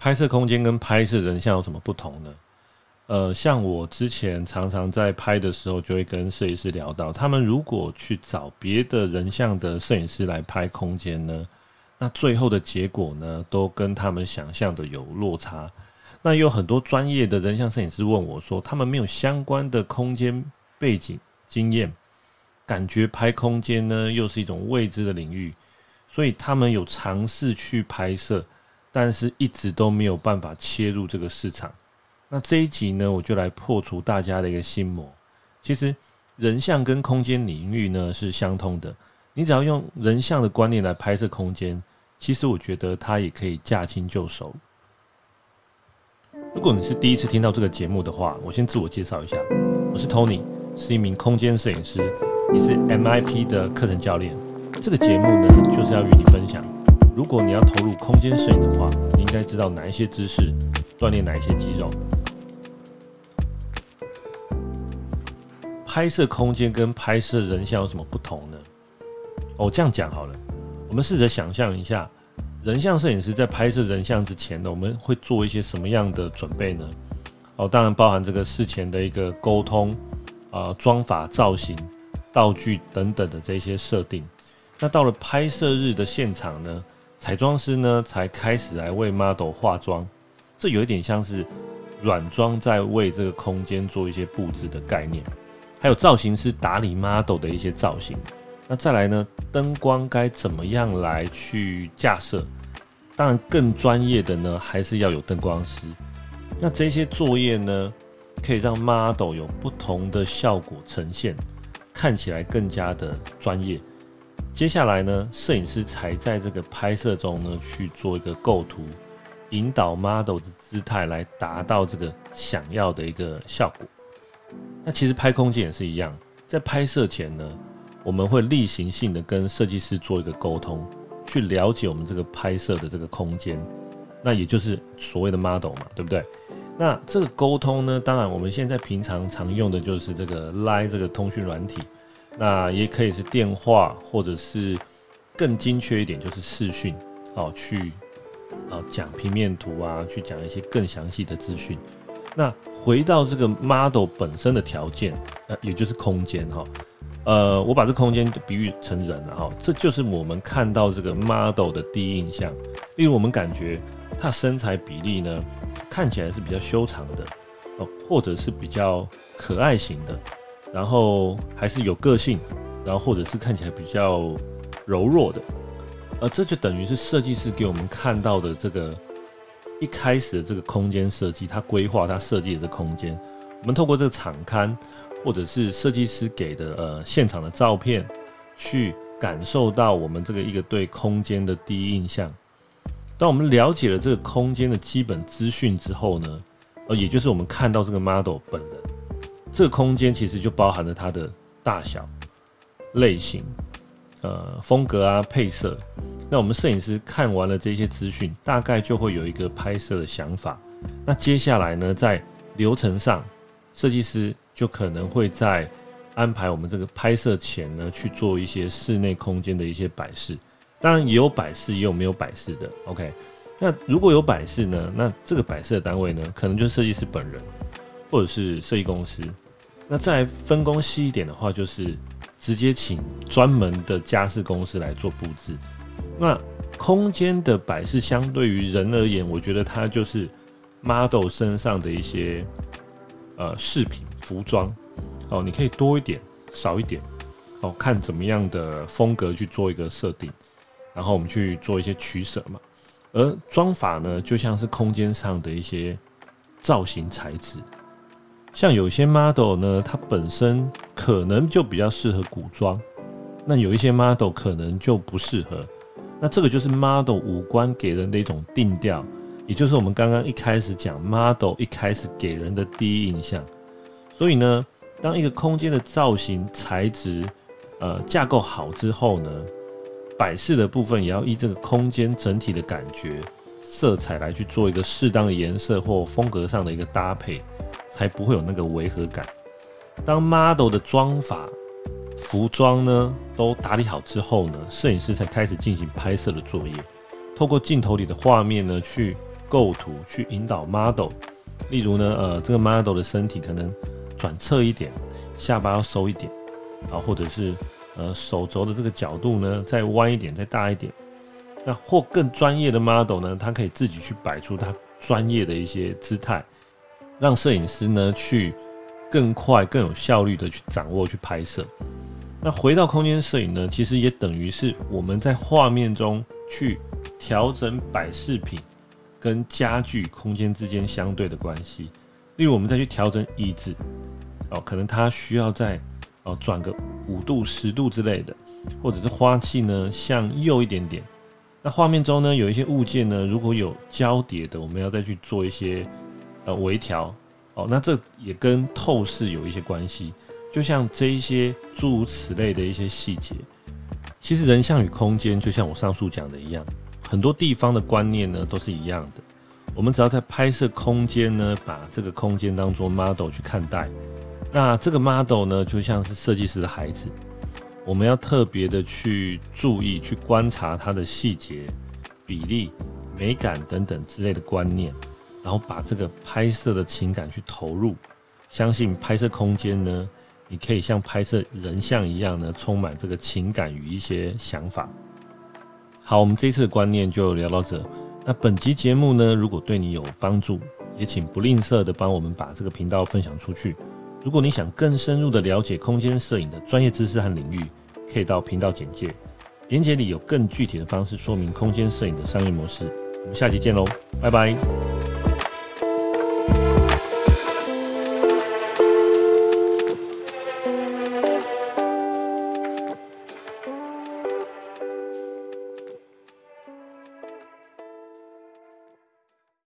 拍攝空間跟拍攝人像有什麼不同呢？呃，像我之前常常在拍的時候，就會跟攝影師聊到，他們如果去找別的人像的攝影師來拍空間呢，那最後的結果呢，都跟他們想象的有落差。那有很多專業的人像攝影師問我說，他們沒有相關的空間背景經驗，感覺拍空間呢，又是一種未知的領域，所以他們有嘗試去拍攝。但是一直都沒有辦法切入這個市場。那這一集呢，我就來破除大家的一個心魔。其實人像跟空間領域呢是相通的，你只要用人像的觀念來拍攝空間，其實我覺得它也可以駕輕就熟。如果你是第一次聽到這個節目的話，我先自我介紹一下，我是 Tony，是一名空間攝影師，也是 MIP 的課程教練。這個節目呢，就是要與你分享。如果你要投入空間攝影的話，你應該知道哪一些知識，鍛鍊哪一些肌肉。拍攝空間跟拍攝人像有什麼不同呢？哦，這樣講好了。我們試着想象一下，人像攝影師在拍攝人像之前呢，我們會做一些什麼樣的準備呢？哦，當然包含這個事前的一個溝通啊、呃，妝法、造型、道具等等的這些設定。那到了拍攝日的現場呢？彩妝師呢，才開始來為 model 化妝，這有一點像是軟裝在為這個空間做一些布置的概念，還有造型師打理 model 的一些造型。那再來呢，燈光該怎麼樣來去架設？當然，更專業的呢，還是要有燈光師。那這些作業呢，可以讓 model 有不同的效果呈現，看起來更加的專業。接下來呢，攝影師才在這個拍攝中呢，去做一個構圖，引導 model 的姿態來達到這個想要的一個效果。那其實拍空間也是一樣，在拍攝前呢，我們會例行性的跟設計師做一個溝通，去了解我們這個拍攝的這個空間，那也就是所謂的 model 嘛，對不對？那這個溝通呢，當然我們現在平常常用的就是這個 Line 這個通訊軟體。那也可以是電話，或者是更精確一點就是視訊，哦，去，啊、哦、講平面圖啊，去講一些更詳細的資訊。那回到這個 model 本身的條件，呃，也就是空間哈、哦，呃，我把這空間比喻成人了哈、哦，這就是我們看到這個 model 的第一印象，因為我們感覺它身材比例呢，看起來是比較修長的，哦、或者是比較可愛型的。然後還是有個性，然後或者是看起來比較柔弱的，而這就等於是設計師給我們看到的這個一開始的這個空間設計，他規劃、他設計的這空間。我們透過這個場刊，或者是設計師給的呃現場的照片，去感受到我們這個一個對空間的第一印象。當我們了解了這個空間的基本資訊之後呢，呃，也就是我們看到這個 model 本人。這個空間其實就包含了它的大小、類型、呃，風格啊、配色。那我們攝影師看完了這些資訊，大概就會有一個拍攝的想法。那接下來呢，在流程上，設計師就可能會在安排我們這個拍攝前呢，去做一些室內空間的一些擺設。當然也有擺設，也有沒有擺設的。OK，那如果有擺設呢，那這個擺設單位呢，可能就是設計師本人。或者是設計公司，那再分工細一點的話，就是直接請專門的家飾公司來做布置。那空間的擺設相對於人而言，我覺得它就是 model 身上的一些呃飾品、服裝哦，你可以多一點、少一點哦，看怎麼樣的風格去做一個設定，然後我們去做一些取捨嘛。而妝法呢，就像是空間上的一些造型材質。像有些 model 呢，它本身可能就比較適合古裝，那有一些 model 可能就不適合。那這個就是 model 五官給人的一種定調，也就是我們剛剛一開始講 model 一開始給人的第一印象。所以呢，當一個空間的造型、材質、呃架構好之後呢，擺飾的部分也要依這個空間整體的感覺、色彩來去做一個適當的顏色或風格上的一個搭配。才不會有那個違和感。當 model 的妝髮、服裝呢都打理好之後呢，攝影師才開始進行拍攝的作業。透過鏡頭裡的畫面呢，去構圖、去引導 model。例如呢，呃，這個 model 的身體可能轉側一點，下巴要收一點，啊，或者是呃手肘的這個角度呢再彎一點、再大一點。那或更專業的 model 呢，他可以自己去擺出他專業的一些姿態。讓攝影師呢去更快、更有效率的去掌握、去拍攝。那回到空間攝影呢，其實也等於是我們在畫面中去調整擺飾品跟家具空間之間相對的關係。例如，我們再去調整椅子，哦，可能它需要再哦轉個五度、十度之類的，或者是花器呢向右一點點。那畫面中呢有一些物件呢如果有交疊的，我們要再去做一些。呃，微調，哦，那這也跟透視有一些關係，就像這一些諸如此類的一些細節，其實人像與空間，就像我上述講的一樣，很多地方的觀念呢都是一樣的。我們只要在拍攝空間呢，把這個空間當做 model 去看待，那這個 model 呢，就像是設計師的孩子，我們要特別的去注意、去觀察它的細節、比例、美感等等之類的觀念。然後把這個拍攝的情感去投入，相信拍攝空間呢，你可以像拍攝人像一樣呢，充滿這個情感與一些想法。好，我們這一次的觀念就聊到這。那本集節目呢，如果對你有幫助，也請不吝嗇的幫我們把這個頻道分享出去。如果你想更深入的了解空間攝影的專業知識和領域，可以到頻道簡介，連接裡有更具體的方式說明空間攝影的商業模式。我們下集見嘍，拜拜。